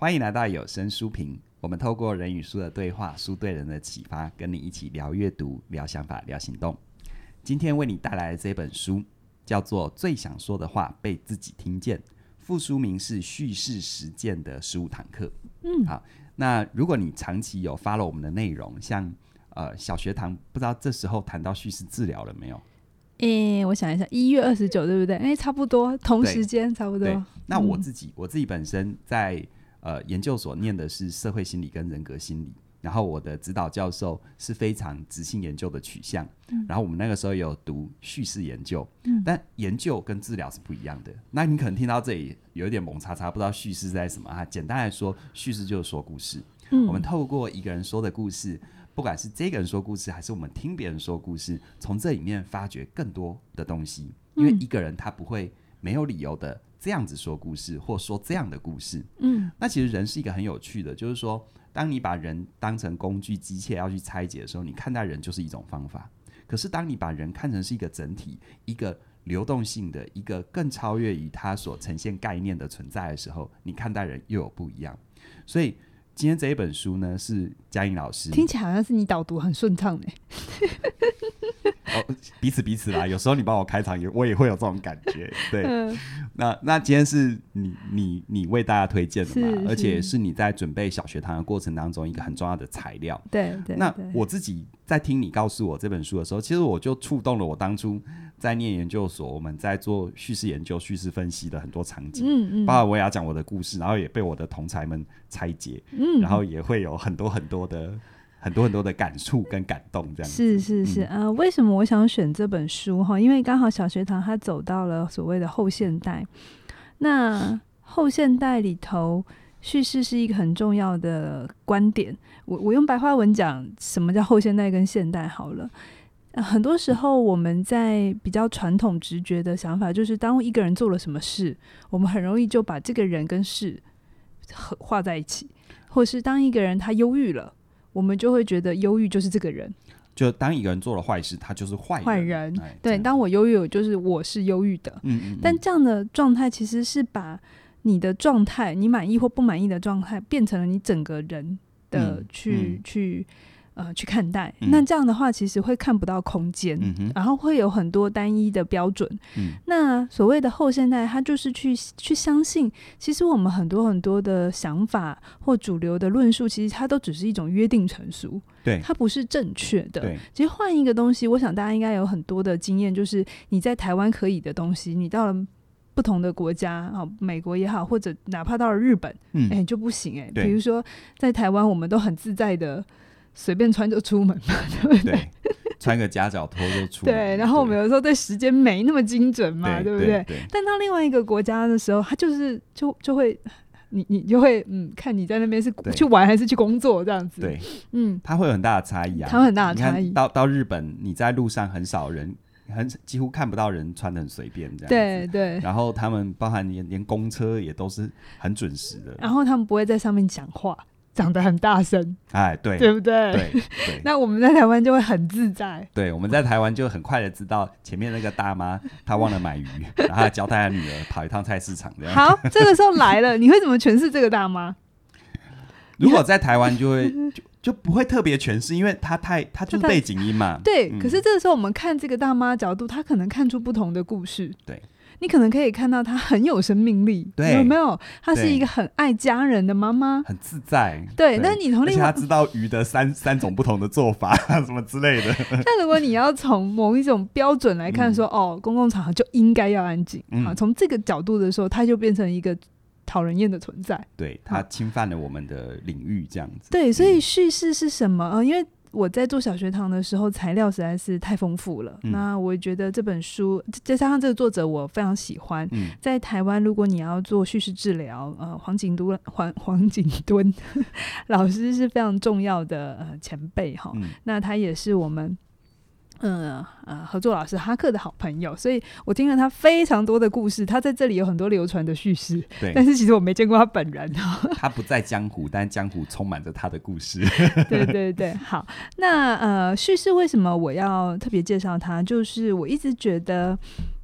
歡迎來到有聲書評。我們透過人與書的對話，書對人的啟發，跟你一起聊閱讀、聊想法、聊行動。今天為你帶來的這本書叫做《最想說的話被自己聽見》，副書名是《敘事實踐的十五堂課》。嗯，好。那如果你長期有 follow 我們的內容，像呃小學堂，不知道這時候談到敘事治療了沒有？誒，我想一想，一月二十九，對不對？誒，差不多，同時間對差不多。那我自己，嗯、我自己本身在。呃，研究所念的是社會心理跟人格心理，然後我的指導教授是非常執行研究的取向，嗯、然後我們那個時候有讀敘事研究，嗯、但研究跟治療是不一樣的。那你可能聽到這裡有一點懵叉叉，不知道敘事在什麼啊？簡單來說，敘事就是說故事。嗯、我們透過一個人說的故事，不管是這個人說故事，還是我們聽別人說故事，從這裡面發掘更多的東西，因為一個人他不會沒有理由的。這樣子說故事，或說這樣的故事，嗯，那其實人是一個很有趣的，就是說，當你把人當成工具、機械要去拆解的時候，你看待人就是一種方法；可是，當你把人看成是一個整體、一個流動性的一個更超越於他所呈現概念的存在的時候，你看待人又有不一樣。所以。今天這一本書呢，是嘉玲老師。聽起來好像是你導讀很順暢呢。 哦，彼此彼此啦。 有時候你幫我開場也，也我也會有這種感覺。對，嗯、那那今天是你你你為大家推薦的嘛？而且是你在準備小學堂的過程當中一個很重要的材料。對，對對。那我自己在聽你告訴我這本書的時候，其實我就觸動了我當初。在念研究所，我們在做敘事研究、敘事分析的很多場景。嗯嗯，嗯包括我也要講我的故事，然後也被我的同儕們拆解。嗯，然後也會有很多很多的、很多很多的感觸跟感動。這樣子是是是，呃、嗯啊，為什麼我想選這本書？哈，因為剛好小學堂他走到了所謂的後現代。那後現代裡頭，敘事是一個很重要的觀點。我我用白話文講什麼叫後現代跟現代好了。很多時候，我們在比較傳統直覺的想法，就是當一個人做了什麼事，我們很容易就把這個人跟事合畫在一起，或是當一個人他憂鬱了，我們就會覺得憂鬱就是這個人，就當一個人做了壞事，他就是壞壞人。人哎、對，這樣當我憂鬱，就是我是憂鬱的。嗯嗯嗯、但這樣的狀態其實是把你的狀態，你滿意或不滿意的狀態，變成了你整個人的去、嗯嗯、去。呃，去看待，嗯、那這樣的話，其實會看不到空間，嗯、哼然後會有很多單一的標準。嗯、那所謂的後現代，它就是去去相信，其實我們很多很多的想法或主流的論述，其實它都只是一種約定俗成，對，它不是正確的。其實換一個東西，我想大家應該有很多的經驗，就是你在台灣可以的東西，你到了不同的國家啊，美國也好，或者哪怕到了日本，嗯、欸，就不行誒、欸，對比如說在台灣，我們都很自在的。隨便穿就出門嘛，對不，、嗯、對？ 穿個夾腳拖就出門。對，然後我們有時候對時間沒那麼精準嘛，對，對不對？對對，但到另外一個國家的時候，他就是就就會，你你就會嗯，看你在那邊是去玩對還是去工作這樣子。對。嗯。他會有很大的差異啊，他有很大的差異。到到日本，你在路上很少人，很幾乎看不到人穿的很隨便這樣子。對。對對。然後他們，包含連連公車也都是很準時的。然後他們不會在上面講話。講得很大聲，哎，對，對不對？對，對 那我們在台灣就會很自在。對，我們在台灣就很快的知道前面那個大媽，她忘了買魚， 然後交代她女兒跑一趟菜市場。這樣好， 這個時候來了，你會怎麼詮釋這個大媽？如果在台灣就會 就就不會特別詮釋，因為她太她就是背景音嘛。他他對，嗯，可是這個時候我們看這個大媽的角度，她可能看出不同的故事。對。你可能可以看到他很有生命力，有沒有？他是一個很愛家人的媽媽，很自在。對，那你從另外，他知道魚的三三種不同的做法，什麼之類的。那如果你要從某一種標準來看，說哦，公共場合就應該要安靜啊，從這個角度的時候，它就變成一個討人厭的存在。對，它侵犯了我們的領域，這樣子。對，所以敘事是什麼？因為。我在做小學堂的時候，材料實在是太豐富了。嗯、那我覺得這本書再加上這個作者，我非常喜歡。嗯、在台灣，如果你要做敘事治療，呃，黃錦敦黃黃錦敦呵呵老師是非常重要的呃前輩哈。嗯、那他也是我們。嗯啊、嗯，合作老師哈克的好朋友，所以我聽了他非常多的故事。他在這裡有很多流傳的敘事，對但是其實我沒見過他本人，他不在江湖， 但江湖充滿着他的故事。 對，對對對，好，那呃，敘事為什麼我要特別介紹他？就是我一直覺得，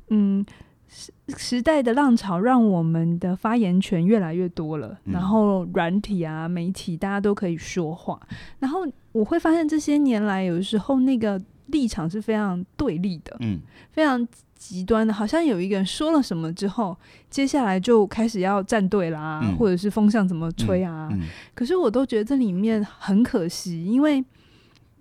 嗯，時時代的浪潮讓我們的發言權越來越多了，然後軟體啊、嗯、媒體，大家都可以說話。然後我會發現這些年來，有時候那個。立場是非常對立的，嗯，非常極端的。好像有一個人說了什麼之後，接下來就開始要站隊啦、啊，嗯、或者是風向怎麼吹啊？嗯嗯、可是我都覺得這裡面很可惜，因為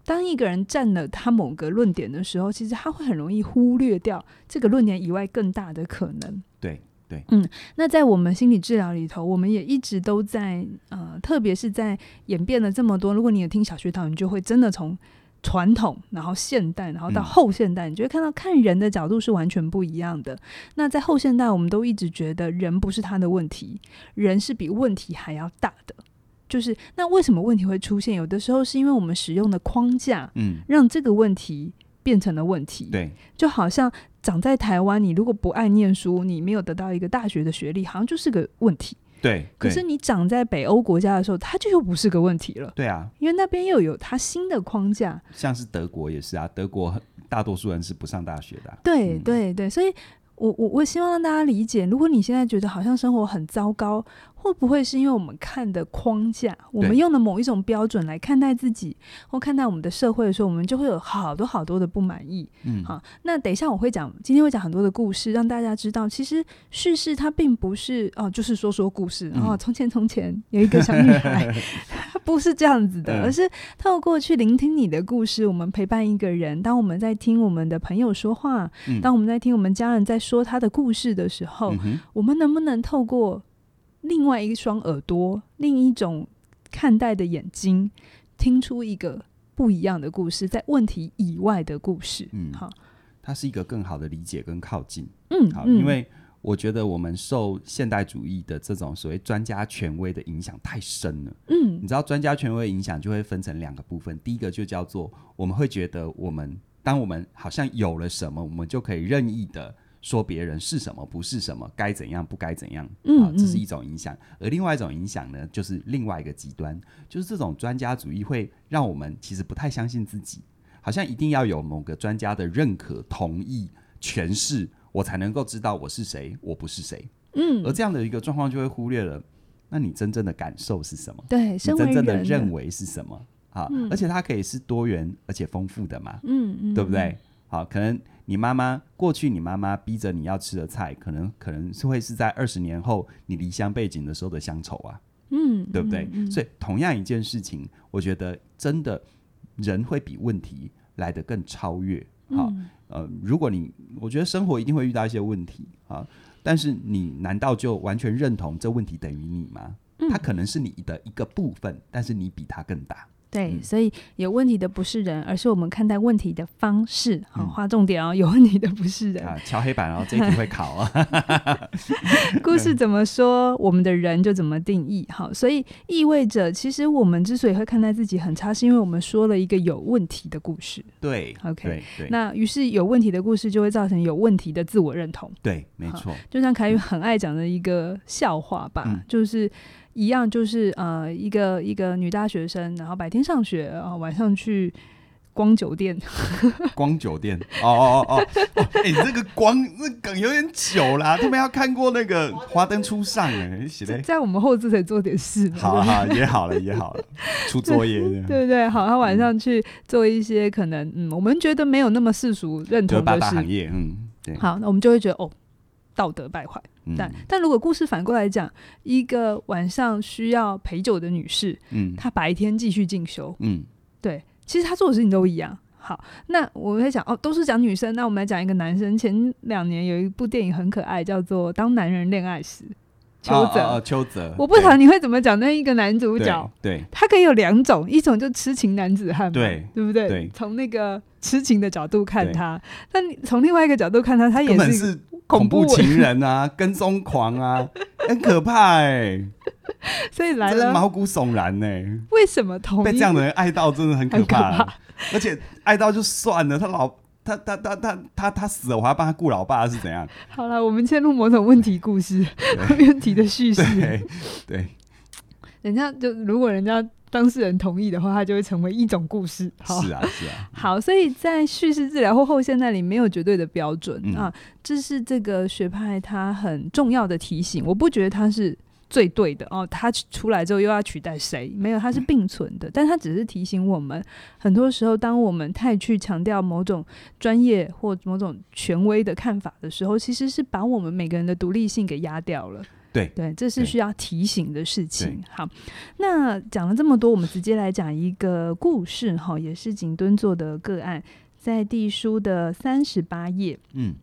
當一個人站了他某個論點的時候，其實他會很容易忽略掉這個論點以外更大的可能。對，對，嗯。那在我們心理治療裡頭，我們也一直都在，呃，特別是在演變了這麼多。如果你有聽小學堂，你就會真的從。傳統，然後現代，然後到後現代，嗯，你就會看到看人的角度是完全不一樣的。那在後現代，我們都一直覺得人不是他的問題，人是比問題還要大的。就是那為什麼問題會出現？有的時候是因為我們使用的框架，嗯，讓這個問題變成了問題。對，就好像長在台灣，你如果不愛念書，你沒有得到一個大學的學歷，好像就是個問題。對，對，可是你長在北歐國家的時候，它就又不是個問題了。對啊，因為那邊又有它新的框架，像是德國也是啊，德國大多數人是不上大學的啊。對，嗯，對對，所以我我我希望讓大家理解，如果你現在覺得好像生活很糟糕。會不會是因為我們看的框架，我們用的某一種標準來看待自己對或看待我們的社會的時候，我們就會有好多好多的不滿意。好、嗯啊，那等一下我會講，今天會講很多的故事，讓大家知道，其實敘事它並不是哦、啊，就是說說故事，哦、嗯，啊、從前從前有一個小女孩， 不是這樣子的，嗯、而是透過去聆聽你的故事。我們陪伴一個人，當我們在聽我們的朋友說話，嗯、當我們在聽我們家人在說他的故事的時候，嗯、哼我們能不能透過另外一雙耳朵，另一種看待的眼睛，聽出一個不一樣的故事，在問題以外的故事。嗯，好，它是一個更好的理解跟靠近。嗯，好，嗯，因為我覺得我們受現代主義的這種所謂專家權威的影響太深了。嗯，你知道專家權威的影響就會分成兩個部分，第一個就叫做我們會覺得我們，當我們好像有了什麼，我們就可以任意的。說別人是什麼，不是什麼，該怎樣，不該怎樣。嗯，嗯，啊，這是一種影響；而另外一種影響呢，就是另外一個極端，就是這種專家主義會讓我們其實不太相信自己，好像一定要有某個專家的認可、同意、詮釋，我才能夠知道我是誰，我不是誰。嗯，而這樣的一個狀況就會忽略了，那你真正的感受是什麼？對，真正的認為是什麼？啊，嗯、而且它可以是多元而且豐富的嘛。嗯嗯，對不對？好，可能你媽媽過去，你媽媽逼着你要吃的菜，可能可能是會是在二十年後你離鄉背井的時候的鄉愁啊，嗯，對不對？嗯嗯、所以同樣一件事情，我覺得真的人會比問題來得更超越。好，嗯、呃，如果你我覺得生活一定會遇到一些問題啊，但是你難道就完全認同這問題等於你嗎？它、嗯、可能是你的一個部分，但是你比它更大。對，所以有問題的不是人，而是我們看待問題的方式。好、嗯，劃、哦、重點哦，有問題的不是人啊。敲黑板然後、哦、 這一題會考啊。 故事怎麼說，我們的人就怎麼定義。好、哦，所以意味着，其實我們之所以會看待自己很差，是因為我們說了一個有問題的故事。對，OK 對。對那於是有問題的故事就會造成有問題的自我認同。對，沒錯、哦。就像凱宇很愛講的一個笑話吧，嗯、就是。一樣，就是呃，一個一個女大學生，然後白天上學，然、呃、後晚上去光酒店， 光酒店哦哦哦， 哦，你、欸、這、那個光那梗、個、有點久了， 他們要看過那個《華燈初上》哎，在我們後製得做點事，好、啊、好也好了也好了， 出作業對對對，好，好，他晚上去做一些可能嗯，嗯，我們覺得沒有那麼世俗認同的、就、事、是，行業嗯，對，好，那我們就會覺得哦。道德敗壞，但、嗯、但如果故事反過來講，一個晚上需要陪酒的女士，嗯，她白天繼續進修，嗯，對，其實她做的事情都一樣。好，那我們會想，哦，都是講女生，那我們來講一個男生。前兩年有一部電影很可愛，叫做《當男人戀愛時》，邱澤，邱澤、啊，啊啊、我不想你會怎麼講那一個男主角？對，他可以有兩種，一種就痴情男子漢，對，對不對？對，從那個痴情的角度看他，對但從另外一個角度看他，他也是。恐怖情人啊， 跟蹤狂啊， 很可怕哎、欸，所以來了真的毛骨悚然呢、欸。為什麼同被這樣的人愛到真的很可怕、啊？可怕而且愛到就算了，他老他他他他他他死了，我還要幫他顧老爸是怎樣？ 好了，我們切入某種問題故事，問題對 的敘事對。對，人家就如果人家。當事人同意的話，他就會成為一種故事。好。是啊，是啊。好，所以在敘事治療或後現代裡，沒有絕對的標準、嗯、啊。這是這個學派它很重要的提醒。我不覺得它是最對的哦、啊。他出來之後又要取代誰？沒有，它是並存的。嗯、但它只是提醒我們，很多時候，當我們太去強調某種專業或某種權威的看法的時候，其實是把我們每個人的獨立性給壓掉了。對對，對這是需要提醒的事情。對。好，那講了這麼多，我們直接來講一個故事哈，也是錦敦做的個案，在地書的三十八頁，嗯，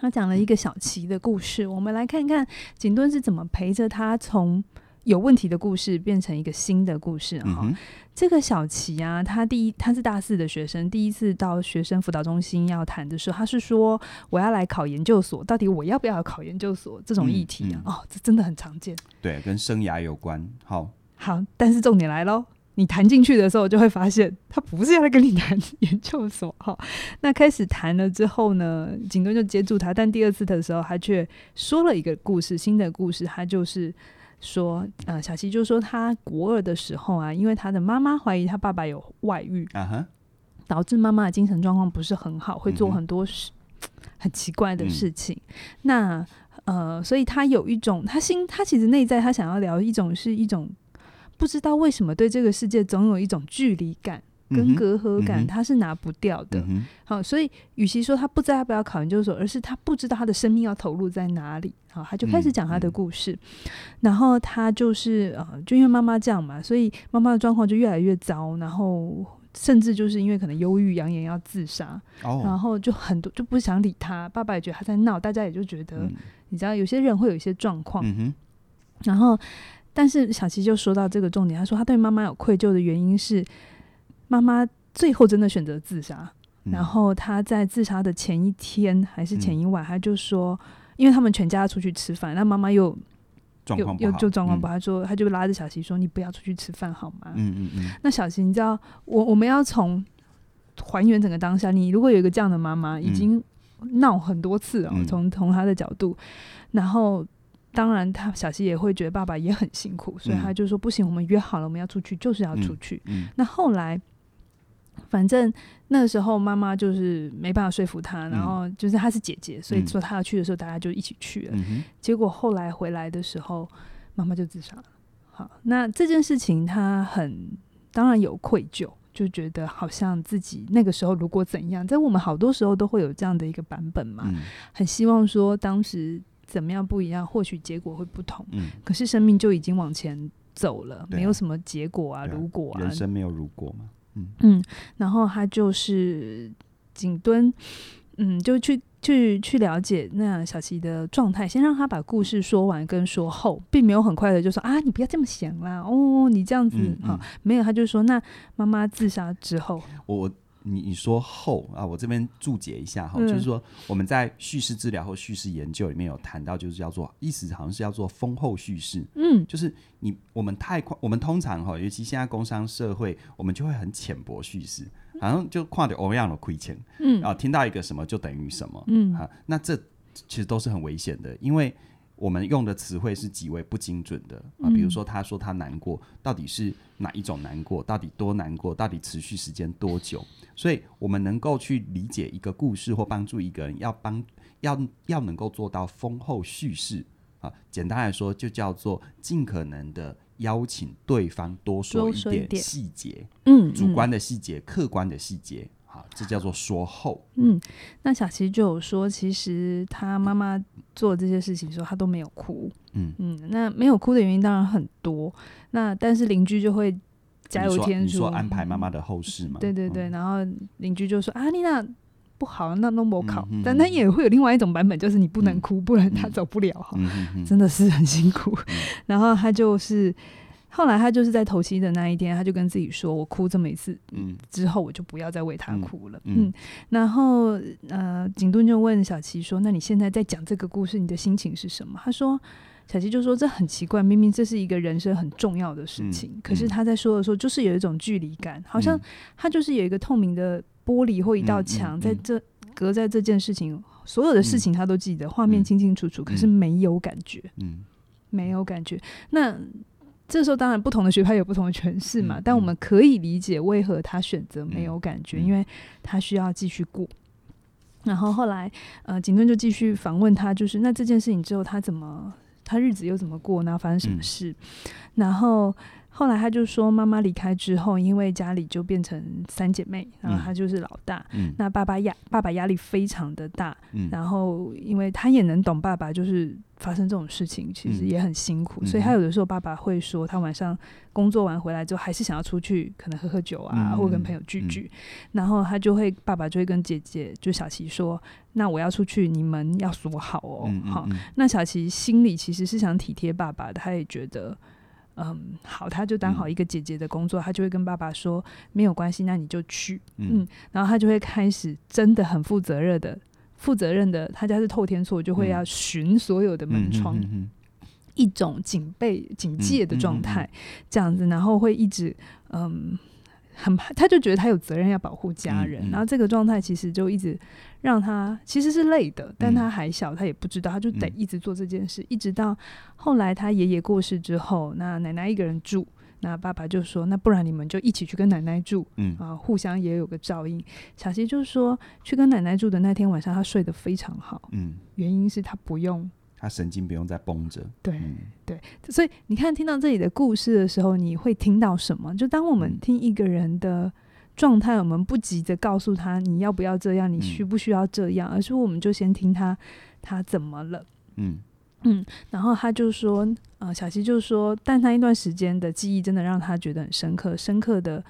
他講了一個小琪的故事，嗯，我們來看看錦敦是怎麼陪着他從。有問題的故事變成一個新的故事啊。哦嗯、哼這個小琪啊，他第一他是大四的學生，第一次到學生輔導中心要談的時候，他是說，我要來考研究所，到底我要不要考研究所這種議題啊。嗯嗯、哦，這真的很常見，對，跟生涯有關。好，好，但是重點來嘍，你談進去的時候，就會發現他不是要來跟你談研究所哈、哦。那開始談了之後呢，景敦就接住他，但第二次的時候，他卻說了一個故事，新的故事，他就是。說，呃，小七就說他國二的時候啊，因為他的媽媽懷疑他爸爸有外遇，uh huh. 導致媽媽的精神狀況不是很好，會做很多事，很奇怪的事情。Uh huh. 那，呃，所以他有一種，他心，他其實內在他想要聊一種是一種，不知道為什麼對這個世界總有一種距離感。跟隔閡感，他是拿不掉的。好、嗯嗯哦，所以與其說他不知道要不要考研究所，而是他不知道他的生命要投入在哪裡。好、哦，他就開始講他的故事。嗯嗯、然後他就是呃，就因為媽媽這樣嘛，所以媽媽的狀況就越來越糟。然後甚至就是因為可能憂鬱，揚言要自殺。哦、然後就很多就不想理他，爸爸也覺得他在鬧，大家也就覺得、嗯、你知道，有些人會有一些狀況。嗯、哼、然後，但是小琪就說到這個重點，他說他對媽媽有愧疚的原因是，媽媽最後真的選擇自殺，然後他在自殺的前一天還是前一晚，他、嗯、就說，因為他們全家要出去吃飯，那媽媽又又又又就狀況不好，他、嗯、說他就拉着小希說：“你不要出去吃飯好嗎？”嗯嗯嗯、那小希你知道我我們要從還原整個當下，你如果有一個這樣的媽媽，已經鬧很多次啊，從從、嗯、她的角度，然後當然他小希也會覺得爸爸也很辛苦，所以他就說：“嗯、不行，我們約好了，我們要出去，就是要出去。嗯”嗯、那後來。反正那個時候媽媽就是沒辦法說服她，然後就是她是姐姐，所以說她要去的時候，嗯、大家就一起去了。嗯、哼結果後來回來的時候，媽媽就自殺了。好，那這件事情她很當然有愧疚，就覺得好像自己那個時候如果怎樣，在我們好多時候都會有這樣的一個版本嘛，嗯、很希望說當時怎麼樣不一樣，或許結果會不同。嗯、可是生命就已經往前走了，嗯、沒有什麼結果啊，對如果、啊、人生沒有如果嘛。嗯，然後他就是緊蹲，嗯，就去去去了解那小琪的狀態，先讓他把故事說完跟說後，並沒有很快的就說啊，你不要這麼想啦，哦，你這樣子、嗯嗯、啊，沒有，他就說那媽媽自殺之後，我。你你說後啊，我這邊注解一下哈，就是說我們在敘事治療或敘事研究裡面有談到，就是叫做意思好像是叫做豐厚敘事，嗯，就是你我們太快，我們通常哈，尤其現在工商社會，我們就會很淺薄敘事，好像就跨點歐樣的虧欠，嗯，啊，聽到一個什麼就等於什麼，嗯啊，那這其實都是很危險的，因為我們用的詞彙是極為不精準的啊，比如說他說他難過，到底是哪一種難過？到底多難過？到底持續時間多久？所以我們能夠去理解一個故事或幫助一個人要，要幫要要能夠做到豐厚敘事啊。簡單來說，就叫做盡可能的邀請對方多說一點細節，嗯，嗯主觀的細節，客觀的細節。這叫做說後、啊。嗯，那小琪就有說，其實他媽媽做這些事情的時候，他都沒有哭。嗯嗯，那沒有哭的原因當然很多。那但是鄰居就會加油添醋，啊、說，說安排媽媽的後事嘛，嗯。對對對，嗯，然後鄰居就說：“啊，麗娜不好，那弄不好。嗯哼哼”但他也會有另外一種版本，就是你不能哭，不然他走不了。嗯，哼哼 真的是很辛苦。 然後他就是。後來他就是在頭七的那一天，他就跟自己說：“我哭這麼一次，嗯，之後我就不要再為他哭了。嗯”嗯，嗯，然後呃，景頓就問小琪說：“那你現在在講這個故事，你的心情是什麼？”他說：“小琪就說這很奇怪，明明這是一個人生很重要的事情，嗯嗯、可是他在說的時候，就是有一種距離感，好像他就是有一個透明的玻璃或一道牆在這、嗯嗯嗯、隔在這件事情，所有的事情他都記得，畫面清清楚楚，嗯、可是沒有感覺，嗯，嗯沒有感覺。那。”這時候當然不同的學派有不同的詮釋嘛，嗯、但我們可以理解為何他選擇沒有感覺，嗯、因為他需要繼續過。嗯嗯、然後後來，呃，井尊就繼續訪問他，就是那這件事情之後他怎麼，他日子又怎麼過呢？那發生什麼事？嗯、然後。後來他就說，媽媽離開之後，因為家裡就變成三姐妹，嗯、然後他就是老大。嗯、那爸爸壓爸爸壓力非常的大。嗯、然後因為他也能懂爸爸，就是發生這種事情其實也很辛苦，嗯、所以他有的時候爸爸會說，他晚上工作完回來之後還是想要出去，可能喝喝酒啊，嗯、或者跟朋友聚聚。嗯嗯、然後他就會，爸爸就會跟姐姐就小琪說：“那我要出去，你們要鎖好哦。嗯”好、嗯嗯哦，那小琪心裡其實是想體貼爸爸的，他也覺得。嗯，好，他就當好一個姐姐的工作，嗯、他就會跟爸爸說沒有關係，那你就去，嗯，嗯，然後他就會開始真的很負責任的，負責任的，他家是透天厝，就會要巡所有的門窗，嗯、一種警備、警戒的狀態，嗯、這樣子，然後會一直，嗯，很怕，他就覺得他有責任要保護家人，嗯、然後這個狀態其實就一直。讓他其實是累的，但他還小，他也不知道，他就得一直做這件事，嗯、一直到後來他爺爺過世之後，那奶奶一個人住，那爸爸就說：“那不然你們就一起去跟奶奶住，嗯啊，互相也有個照應。”小溪就是說，去跟奶奶住的那天晚上，他睡得非常好，嗯，原因是他不用，他神經不用再繃着，對、嗯、對，所以你看，聽到這裡的故事的時候，你會聽到什麼？就當我們聽一個人的。狀態，我們不急着告訴他，你要不要這樣，你需不需要這樣？嗯、而是我們就先聽他他怎麼了，嗯嗯，然後他就說，啊、呃，小溪，就說，但那一段時間的記憶真的讓他覺得很深刻，深刻的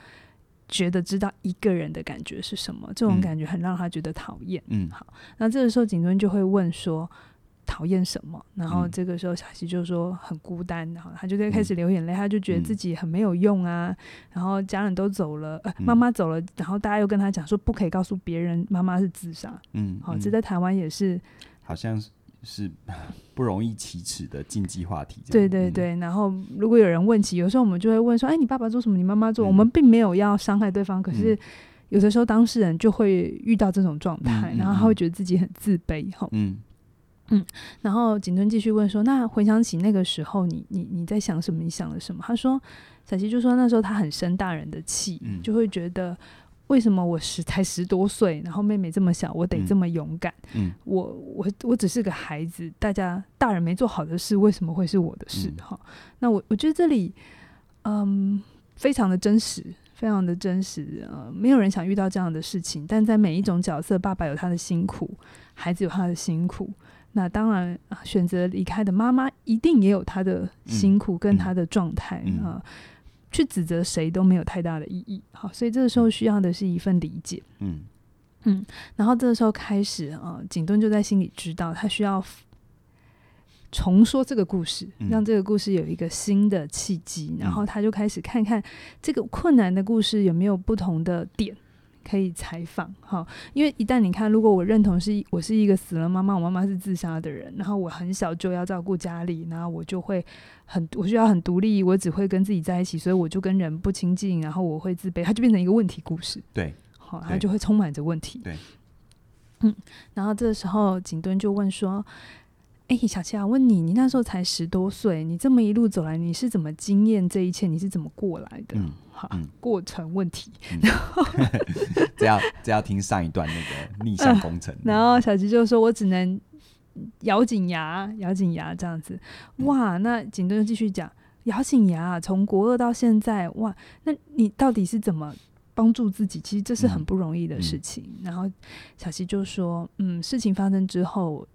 覺得知道一個人的感覺是什麼，這種感覺很讓他覺得討厭，嗯，好，那這個時候錦敦就會問說。討厭什麼？然後這個時候小溪就說很孤單，然後他就在開始流眼淚，他就覺得自己很沒有用啊。然後家人都走了，呃，媽媽走了，然後大家又跟他講說不可以告訴別人媽媽是自殺。嗯，好，這在台灣也是，好像是不容易啟齒的禁忌話題。對對對。然後如果有人問起，有時候我們就會問說：誒，你爸爸做什麼？你媽媽做？我們並沒有要傷害對方，可是有的時候當事人就會遇到這種狀態，然後他會覺得自己很自卑。嗯。嗯，然後井村繼續問說：“那回想起那個時候你，你你你在想什麼？你想了什麼？”他說：“小溪就說那時候他很生大人的氣，嗯、就會覺得為什麼我十才十多歲，然後妹妹這麼小，我得這麼勇敢？嗯嗯、我我我只是個孩子，大家大人沒做好的事，為什麼會是我的事？哈、嗯，那我我覺得這裡嗯非常的真實，非常的真實。呃，沒有人想遇到這樣的事情，但在每一種角色，爸爸有他的辛苦，孩子有他的辛苦。”那當然啊，選擇離開的媽媽一定也有她的辛苦跟她的狀態，嗯嗯，啊，去指責誰都沒有太大的意義。好，所以這個時候需要的是一份理解。嗯嗯，然後這個時候開始啊，景敦就在心裡知道，他需要重說這個故事，嗯，讓這個故事有一個新的契機。然後他就開始看看這個困難的故事有沒有不同的點。可以採訪哈，因為一旦你看，如果我認同是我是一個死了媽媽，我媽媽是自殺的人，然後我很小就要照顧家裡，然後我就會很我就要很獨立，我只會跟自己在一起，所以我就跟人不親近，然後我會自卑，它就變成一個問題故事。對，好，哦，對，它就會充滿着問題。對，嗯，然後這時候景敦就問說：“欸，小七啊，我問你，你那時候才十多歲，你這麼一路走來，你是怎麼經驗這一切？你是怎麼過來的？”嗯啊、過程問題，嗯嗯、然後 這要這要聽上一段那個逆向工程、啊，然後小吉就說：“我只能咬緊牙，咬緊牙這樣子。”哇，那警隊又繼續講：“咬緊牙，從國二到現在，哇，那你到底是怎麼幫助自己？其實這是很不容易的事情。嗯”嗯、然後小吉就說：“嗯，事情發生之後。”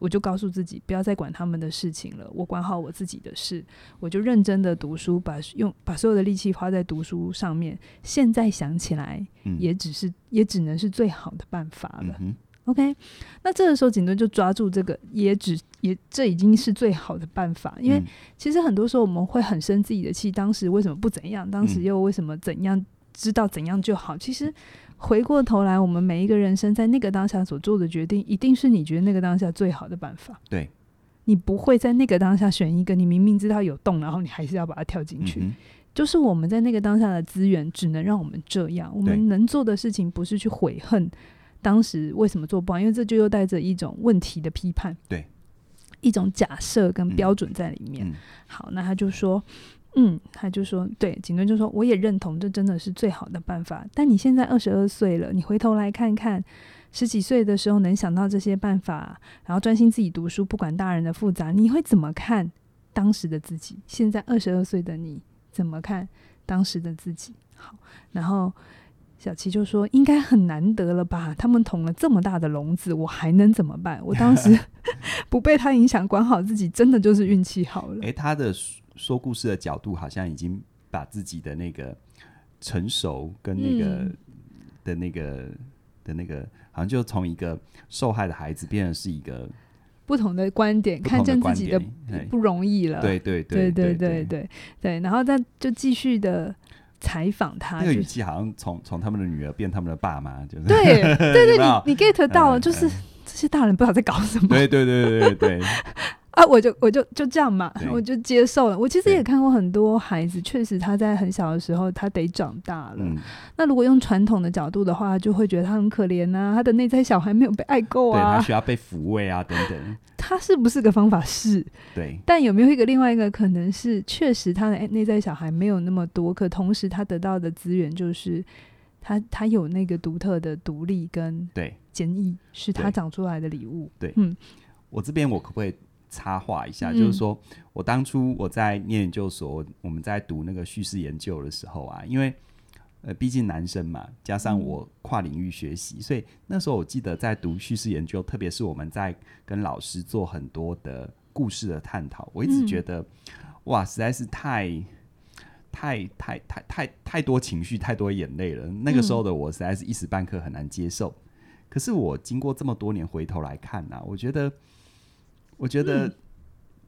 我就告訴自己，不要再管他們的事情了，我管好我自己的事。我就認真的讀書，把用把所有的力氣花在讀書上面。現在想起來，也只是、嗯、也只能是最好的辦法了。嗯、哼 OK，那這個時候錦敦就抓住這個，也只也這已經是最好的辦法。因為其實很多時候我們會很生自己的氣，當時為什麼不怎樣？當時又為什麼怎樣？知道怎樣就好。其實。回過頭來，我們每一個人生在那個當下所做的決定，一定是你覺得那個當下最好的辦法。對，你不會在那個當下選一個你明明知道有洞，然後你還是要把它跳進去。嗯嗯，就是我們在那個當下的資源，只能讓我們這樣。我們能做的事情，不是去悔恨當時為什麼做不好，因為這就又帶着一種問題的批判，對，一種假設跟標準在裡面。嗯嗯，好，那他就說。嗯，他就說，對，警隊就說，我也認同，這真的是最好的辦法。但你現在二十二歲了，你回頭來看看，十幾歲的時候能想到這些辦法，然後專心自己讀書，不管大人的複雜，你會怎麼看當時的自己？現在二十二歲的你怎麼看當時的自己？好，然後小琪就說，應該很難得了吧？他們捅了這麼大的簍子，我還能怎麼辦？我當時 不被他影響，管好自己，真的就是運氣好了。誒，他的。說故事的角度好像已經把自己的那個成熟跟那個的那個的那個，好像就從一個受害的孩子變成是一個不同的觀點，看見自己的不容易了。對對對對對對對。然後，再就繼續的採訪他，那個語氣好像從從他們的女兒變他們的爸媽，就是對對對，你你 get 到了，就是這些大人不知道在搞什麼。對對對對對對。啊，我就我就就這樣嘛，對我就接受了。我其實也看過很多孩子，確對實他在很小的時候，他得長大了。嗯、那如果用傳統的角度的話，就會覺得他很可憐吶、啊，他的內在小孩沒有被愛夠、啊，對他需要被撫慰啊，等等。他是不是個方法？是。對。但有沒有一個另外一個可能是，確實他的內在小孩沒有那麼多，可同時他得到的資源就是他他有那個獨特的獨立跟對堅毅，是他長出來的禮物對。對，嗯，我這邊我可不可以？插話一下，嗯、就是說，我當初我在念研究所，我們在讀那個敘事研究的時候啊，因為呃，畢竟男生嘛，加上我跨領域學習，嗯、所以那時候我記得在讀敘事研究，特別是我們在跟老師做很多的故事的探討，我一直覺得、嗯、哇，實在是太太太太太太多情緒、太多眼淚了。那個時候的我實在是一時半刻很難接受。嗯、可是我經過這麼多年回頭來看呢、啊，我覺得。我覺得，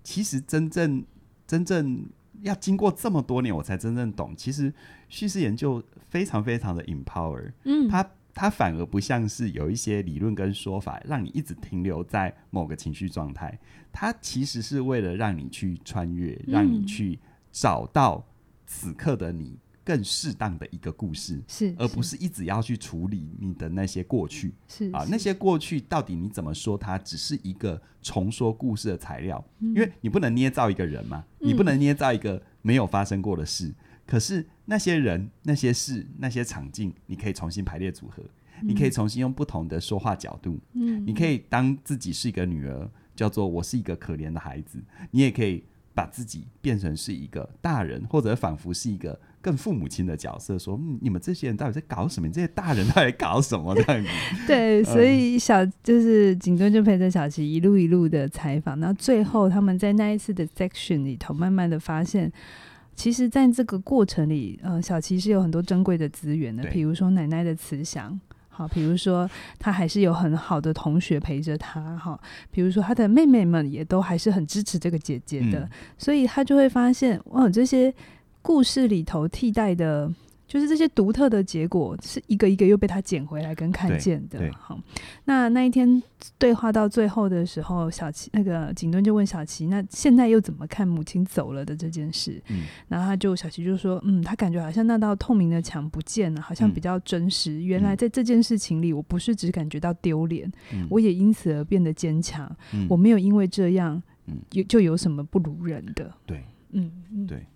其實真正、嗯、真正要經過這麼多年，我才真正懂。其實敘事研究非常非常的 empower，嗯，它它反而不像是有一些理論跟說法，讓你一直停留在某個情緒狀態。它其實是為了讓你去穿越，讓你去找到此刻的你。嗯更適當的一個故事，是，是而不是一直要去處理你的那些過去，是，是啊，那些過去到底你怎麼說？它只是一個重說故事的材料，是是因為你不能捏造一個人嘛，嗯、你不能捏造一個沒有發生過的事。嗯、可是那些人、那些事、那些場景，你可以重新排列組合，嗯、你可以重新用不同的說話角度，嗯，你可以當自己是一個女兒，叫做我是一個可憐的孩子，你也可以。把自己變成是一個大人，或者仿佛是一個更父母親的角色，說、嗯：你們這些人到底在搞什麼？你這些大人到底在搞什麼在？對 對，所以小、呃、就是警尊就陪着小琦一路一路的採訪，然後最後他們在那一次的 section 裡頭，慢慢的發現，其實在這個過程裡，嗯、呃，小琦是有很多珍貴的資源的，對比如說奶奶的慈祥。比如說他還是有很好的同學陪着他哈，比如說他的妹妹們也都還是很支持這個姐姐的，所以他就會發現，哇，這些故事裡頭替代的。就是這些獨特的結果，是一個一個又被他撿回來跟看見的。好，那那一天對話到最後的時候，小琪那個景頓就問小琪：“那現在又怎麼看母親走了的這件事？”嗯、然後他就小琪就說：“嗯，他感覺好像那道透明的牆不見了，好像比較真實。嗯、原來在這件事情裡，我不是只感覺到丟臉，嗯、我也因此而變得堅強。嗯、我沒有因為這樣，有、嗯、就有什麼不如人的。對”對、嗯，嗯，對。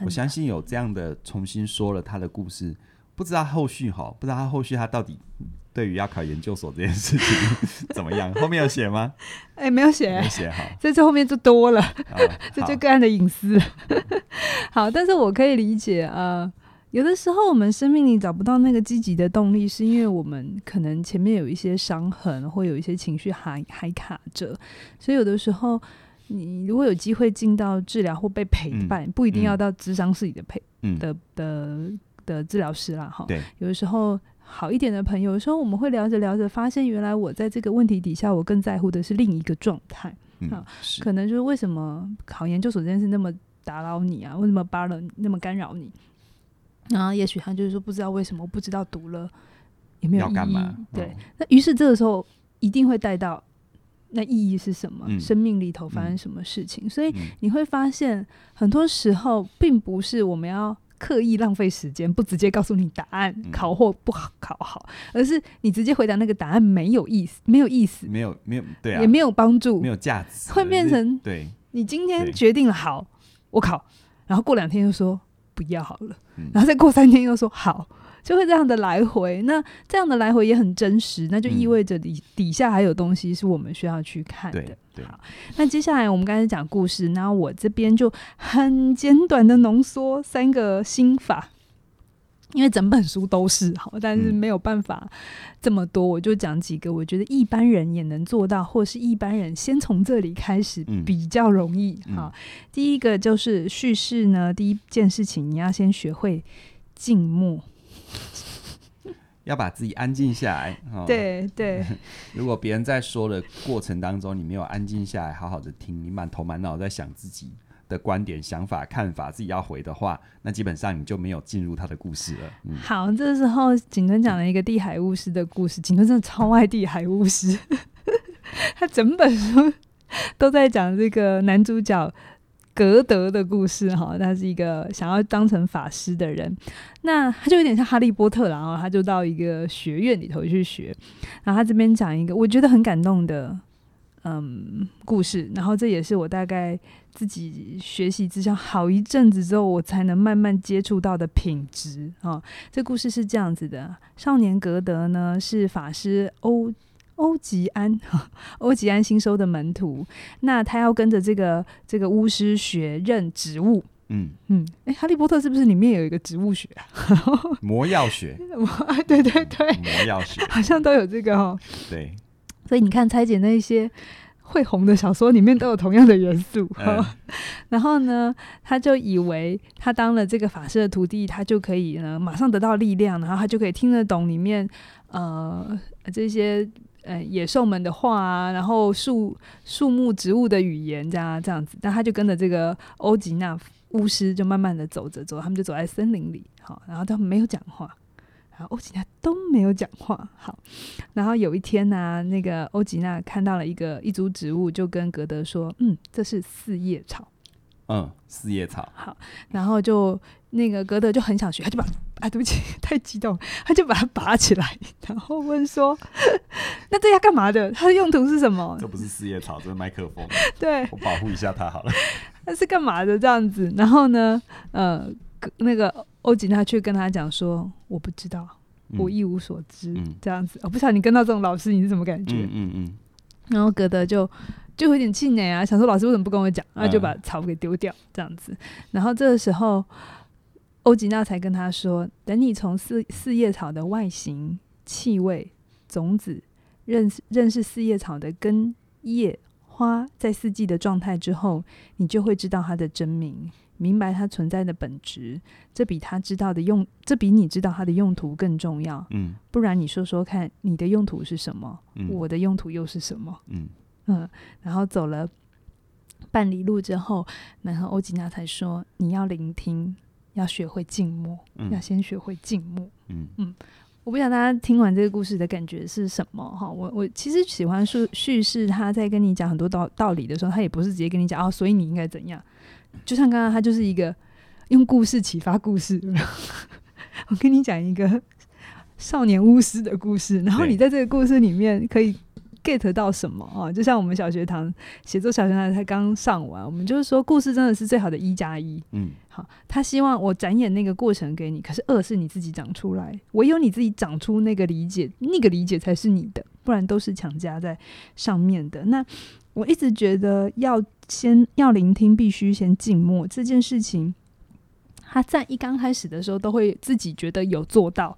我相信有這樣的重新說了他的故事，不知道後續哈，不知道他後續他到底對於要考研究所這件事情 怎麼樣？後面有寫嗎？哎、欸，沒有寫，沒寫哈，這次後面就多了，哦、好這就個案的隱私。 好，但是我可以理解，啊、呃。有的時候我們生命裡找不到那個積極的動力，是因為我們可能前面有一些傷痕，或有一些情緒還還卡着，所以有的時候。你如果有機會進到治療或被陪伴，嗯、不一定要到諮商室裡的陪，嗯、的的的，的治療師啦，哈對。有的時候好一點的朋友，有時候我們會聊着聊着，發現原來我在這個問題底下，我更在乎的是另一個狀態。嗯、啊，是可能就是為什麼考研究所這件事那麼打擾你啊？為什麼扒了你那麼干擾你？然後也許他就是說，不知道為什麼，不知道讀了也沒有幹嘛。嗯、對，那於是這個時候一定會帶到。那意義是什麼？嗯、生命裡頭發生什麼事情？嗯嗯、所以你會發現，嗯、很多時候並不是我們要刻意浪費時間，不直接告訴你答案，嗯、考或不考好，而是你直接回答那個答案沒有意思，沒有意思，沒有沒有對啊，也沒有幫助，沒有價值，會變成對。對你今天決定了好，我考，然後過兩天又說不要好了，嗯、然後再過三天又說好。就會這樣的來回，那這樣的來回也很真實，那就意味着底底下還有東西是我們需要去看的。嗯、對對。好，那接下來我們剛才講故事，那我這邊就很簡短的濃縮三個心法，因為整本書都是好，但是沒有辦法這麼多，嗯、我就講幾個，我覺得一般人也能做到，或是一般人先從這裡開始比較容易。嗯嗯、好，第一個就是敘事呢，第一件事情你要先學會靜默。要把自己安靜下來。對、哦、對，對如果別人在說的過程當中，你沒有安靜下來，好好的聽，你滿頭滿腦在想自己的觀點、想法、看法，自己要回的話，那基本上你就沒有進入他的故事了。嗯、好，這時候錦敦講了一個地《地海巫師》的故事，錦敦真的超愛《地海巫師》，他整本書都在講這個男主角。格德的故事哈、哦，他是一個想要當成法師的人，那他就有點像哈利波特，然後他就到一個學院裡頭去學，然後他這邊講一個我覺得很感動的嗯故事，然後這也是我大概自己學習之下好一陣子之後，我才能慢慢接觸到的品質啊、哦。這故事是這樣子的：少年格德呢是法師歐。歐吉安，歐吉安新收的門徒，那他要跟着這個這個巫師學認植物。嗯嗯、欸，哈利波特是不是裡面有一個植物學、啊？ 魔藥學、啊？對對對，魔藥學 好像都有這個哦。對，所以你看，拆解那些會紅的小說，裡面都有同樣的元素。然後呢，他就以為他當了這個法師的徒弟，他就可以呢馬上得到力量，然後他就可以聽得懂裡面呃這些。嗯，野獸們的話啊，然後樹樹木植物的語言，這樣這樣子，那他就跟着這個歐吉娜巫師就慢慢的走着走，他們就走在森林裡，好，然後他們沒有講話，然後歐吉娜都沒有講話，好，然後有一天呢，啊，那個歐吉娜看到了一個一株植物，就跟格德說，嗯，這是四葉草。嗯，四葉草。好，然後就那個格德就很想學，他就把啊，哎、對不起，太激動，他就把它拔起來，然後問說：“ 那對他幹嘛的？他的用途是什麼？”這不是四葉草，這是麥克風。 對，我保護一下他好了。 他是幹嘛的？這樣子，然後呢，呃，那個歐吉娜卻跟他講說：“我不知道，我一無所知。嗯”這樣子，我、哦、不曉得你跟到這種老師，你是什麼感覺？嗯嗯。嗯嗯然後格德就。就有點氣餒啊，想說老師為什麼不跟我講？然後、嗯啊、就把草給丟掉，這樣子。然後這個時候，歐吉娜才跟他說：“等你從四四葉草的外形、氣味、種子認識認識四葉草的根、葉、花，在四季的狀態之後，你就會知道它的真名，明白它存在的本質。這比他知道的用，這比你知道它的用途更重要。嗯，不然你說說看，你的用途是什麼？嗯、我的用途又是什麼？嗯。”嗯，然後走了半里路之後，然後歐吉娜才說：“你要聆聽，要學會靜默，要先學會靜默。”嗯嗯，嗯我不想大家聽完這個故事的感覺是什麼哈？我我其實喜歡敘敘事，他在跟你講很多道道理的時候，他也不是直接跟你講哦，所以你應該怎樣？就像剛剛他就是一個用故事啟發故事。我跟你講一個少年巫師的故事，然後你在這個故事裡面可以。get 到什麼啊？就像我們小學堂寫作小學堂才剛上完，我們就是說故事真的是最好的一加一。1，嗯，好，他希望我展演那個過程給你，可是二是你自己長出來，唯有你自己長出那個理解，那個理解才是你的，不然都是強加在上面的。那我一直覺得要先要聆聽必，必須先靜默這件事情，他在一剛開始的時候都會自己覺得有做到，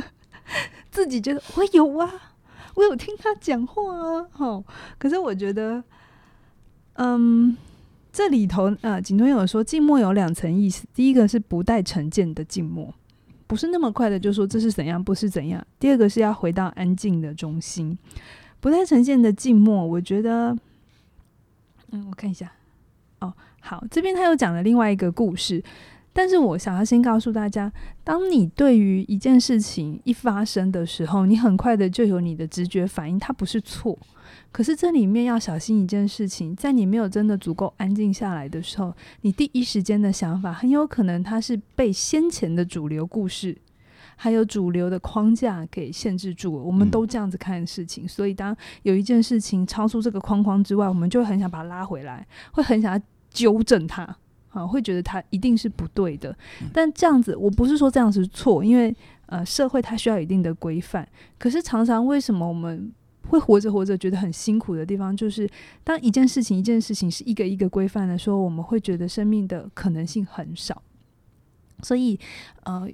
自己覺得我有啊。我有聽他講話啊，哈、哦。可是我覺得，嗯，這裡頭呃，錦敦有說靜默有兩層意思，第一個是不帶成見的靜默，不是那麼快的就說這是怎樣，不是怎樣；第二個是要回到安靜的中心，不帶成見的靜默。我覺得，嗯，我看一下，哦，好，這邊他又講了另外一個故事。但是我想要先告訴大家，當你對於一件事情一發生的時候，你很快的就有你的直覺反應，它不是錯。可是這裡面要小心一件事情，在你沒有真的足夠安靜下來的時候，你第一時間的想法很有可能它是被先前的主流故事還有主流的框架給限制住了。嗯，我們都這樣子看的事情，所以當有一件事情超出這個框框之外，我們就很想把它拉回來，會很想要糾正它。啊，會覺得他一定是不對的。但這樣子，我不是說這樣子是錯，因為呃，社會它需要一定的規範。可是常常為什麼我們會活着活着覺得很辛苦的地方，就是當一件事情一件事情是一個一個規範的時候，我們會覺得生命的可能性很少。所以呃，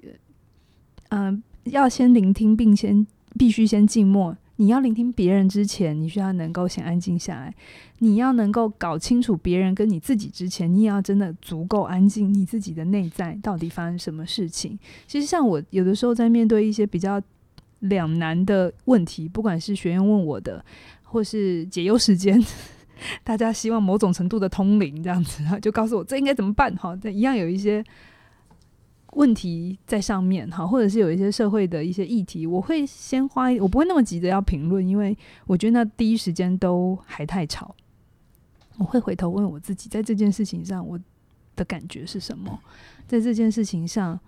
嗯、呃，要先聆聽，並先必須先靜默。你要聆聽別人之前，你需要能夠先安靜下來。你要能夠搞清楚別人跟你自己之前，你也要真的足夠安靜。你自己的內在到底發生什麼事情？其實像我有的時候在面對一些比較兩難的問題，不管是學員問我的，或是解憂時間，大家希望某種程度的通靈這樣子，就告訴我這應該怎麼辦哈？這一樣有一些。問題在上面，哈，或者是有一些社會的一些議題，我會先花，我不會那麼急着要評論，因為我覺得那第一時間都還太吵。我會回頭問我自己，在這件事情上我的感覺是什麼？在這件事情上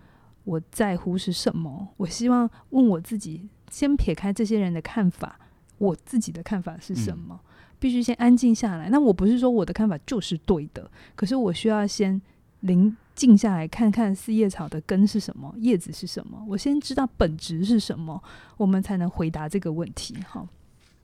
我在乎是什麼？我希望問我自己，先撇開這些人的看法，我自己的看法是什麼？必須先安靜下來。那我不是說我的看法就是對的，可是我需要先。臨靜下來，看看四葉草的根是什麼，葉子是什麼？我先知道本質是什麼，我們才能回答這個問題。好，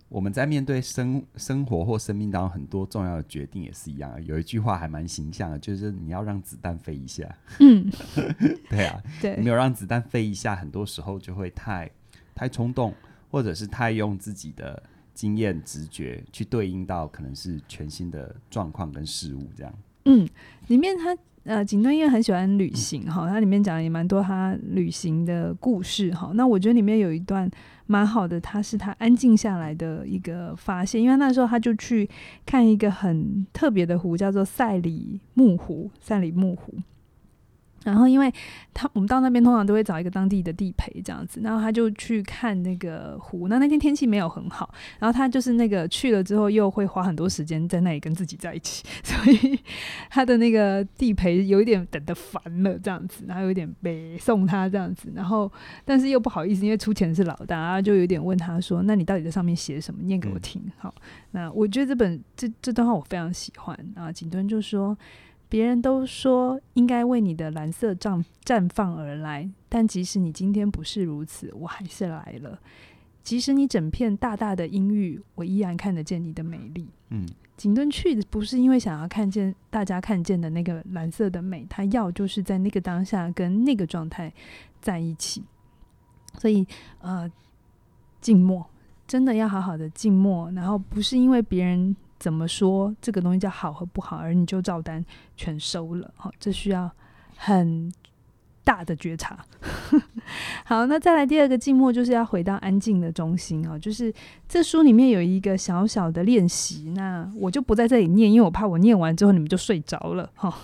我們在面對生生活或生命當中很多重要的決定也是一樣。有一句話還蠻形象的，就是你要讓子彈飛一下。嗯， 對啊，對，你沒有讓子彈飛一下，很多時候就會太太衝動，或者是太用自己的經驗直覺去對應到可能是全新的狀況跟事物，這樣。嗯，裡面它。呃，錦敦因為很喜歡旅行哈，它、哦、裡面講了也蠻多他旅行的故事哈、哦。那我覺得裡面有一段蠻好的，他是他安靜下來的一個發現，因為那時候他就去看一個很特別的湖，叫做塞里木湖，塞里木湖。然後，因為他我們到那邊通常都會找一個當地的地陪這樣子，然後他就去看那個湖。那那天天氣沒有很好，然後他就是那個去了之後又會花很多時間在那裡跟自己在一起，所以他的那個地陪有一點等得煩了這樣子，然後有點被送他這樣子，然後但是又不好意思，因為出錢是老大，就有點問他說：“那你到底在上面寫什麼？念給我聽。嗯”好，那我覺得這本這這段話我非常喜歡啊。錦敦就說。別人都說應該為你的藍色綻綻放而來，但即使你今天不是如此，我還是來了。即使你整片大大的陰鬱，我依然看得見你的美麗。嗯，景墩去的不是因為想要看見大家看見的那個藍色的美，它要就是在那個當下跟那個狀態在一起。所以，呃，靜默真的要好好的靜默，然後不是因為別人。怎麼說這個東西叫好和不好，而你就照單全收了，好、哦，這需要很大的覺察。 好，那再來第二個靜默，就是要回到安靜的中心哦，就是這書裡面有一個小小的練習，那我就不在這裡念，因為我怕我念完之後你們就睡着了。好、哦，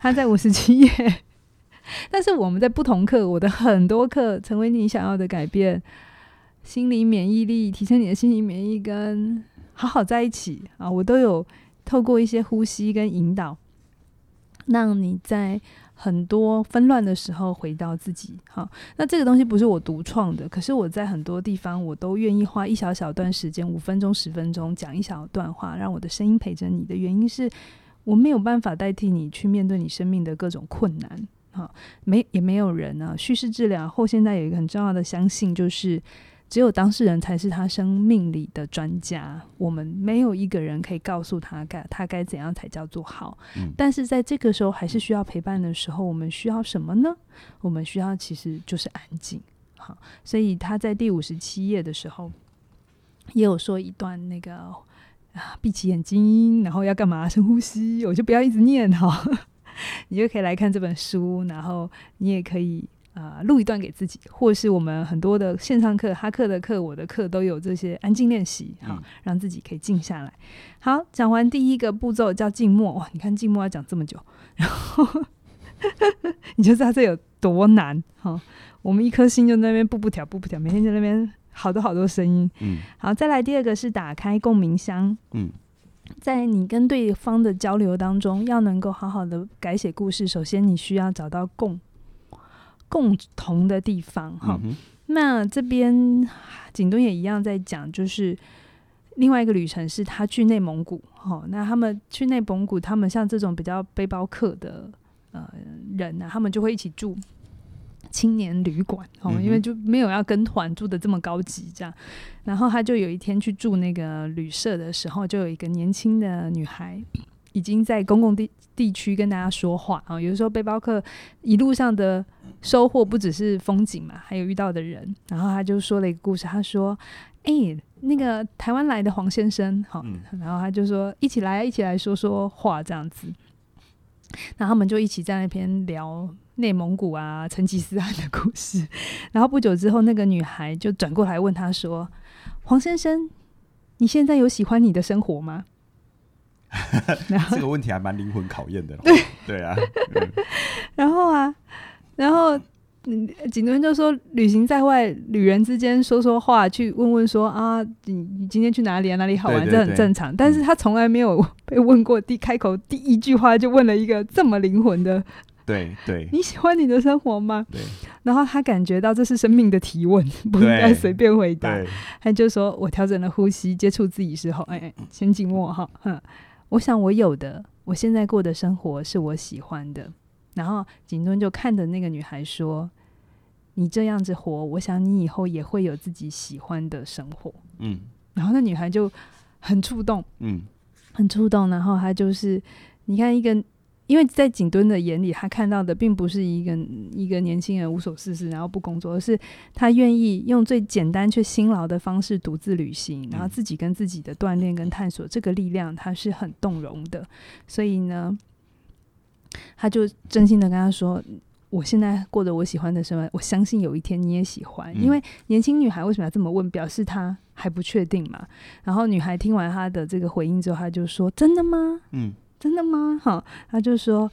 它在五十七頁。 但是我們在不同課，我的很多課成為你想要的改變、心理免疫力、提升你的心理免疫跟。好好在一起啊！我都有透過一些呼吸跟引導，讓你在很多紛亂的時候回到自己。哈、啊，那這個東西不是我獨創的，可是我在很多地方我都願意花一小小段時間，五分鐘、十分鐘，講一小段話，讓我的聲音陪着你的。的原因是，我沒有辦法代替你去面對你生命的各種困難。哈、啊，沒也沒有人啊。敘事治療後，現在有一個很重要的相信就是。只有當事人才是他生命裡的專家，我們沒有一個人可以告訴他該他該怎樣才叫做好。嗯。但是在這個時候還是需要陪伴的時候，我們需要什麼呢？我們需要其實就是安靜。好，所以他在第五十七頁的時候也有說一段那個啊，閉起眼睛，然後要幹嘛？深呼吸，我就不要一直念哈，好 你就可以來看這本書，然後你也可以。呃，錄一段給自己，或者是我們很多的線上課、哈克的課、我的課都有這些安靜練習，哈、哦，嗯、讓自己可以靜下來。好，講完第一個步驟叫靜默，哇，你看靜默要講這麼久，然後呵呵你就知道這有多難，哈、哦。我們一顆心就在那邊步步跳，步步跳，每天在那邊好多好多聲音，嗯。好，再來第二個是打開共鳴箱，嗯，在你跟對方的交流當中，要能夠好好的改寫故事，首先你需要找到共。共同的地方哈，哦，嗯、哼那這邊景東也一樣在講，就是另外一個旅程是他去內蒙古哈、哦，那他們去內蒙古，他們像這種比較背包客的呃人呢、啊，他們就會一起住青年旅館哦，因為就沒有要跟團住的這麼高級這樣，嗯、哼然後他就有一天去住那個旅社的時候，就有一個年輕的女孩已經在公共地。地區跟大家說話啊、哦，有的時候背包客一路上的收穫不只是風景嘛，還有遇到的人。然後他就說了一個故事，他說：“哎、欸，那個台灣來的黃先生，好、哦。”然後他就說：“一起來，一起來說說話，這樣子。”然後他們就一起在那邊聊內蒙古啊、成吉思汗的故事。然後不久之後，那個女孩就轉過來問他說：“黃先生，你現在有喜歡你的生活嗎？”這個問題還蠻靈魂考驗的，對對啊。然後啊，然後嗯，錦敦就說，旅行在外，旅人之間說說話，去問問說啊，你你今天去哪裡啊？哪裡好玩？這很正常。但是他從來沒有被問過，第開口第一句話就問了一個這麼靈魂的，對對，你喜歡你的生活嗎？然後他感覺到這是生命的提問，不應該隨便回答。他就說我調整了呼吸，接觸自己的時候，哎，先靜默哈，嗯。我想我有的，我現在過的生活是我喜歡的。然後景尊就看着那個女孩說：“你這樣子活，我想你以後也會有自己喜歡的生活。”嗯。然後那女孩就很觸動，嗯，很觸動。然後她就是，你看一個。因為在景敦的眼裡，他看到的並不是一個一個年輕人無所事事然後不工作，而是他願意用最簡單卻辛勞的方式獨自旅行，然後自己跟自己的鍛鍊跟探索，嗯，這個力量，他是很動容的。所以呢，他就真心的跟他說：“我現在過着我喜歡的生活，我相信有一天你也喜歡。”嗯，因為年輕女孩為什麼要這麼問？表示她還不確定嘛。然後女孩聽完他的這個回應之後，他就說：“真的嗎？”嗯。真的嗎？哈，他就說，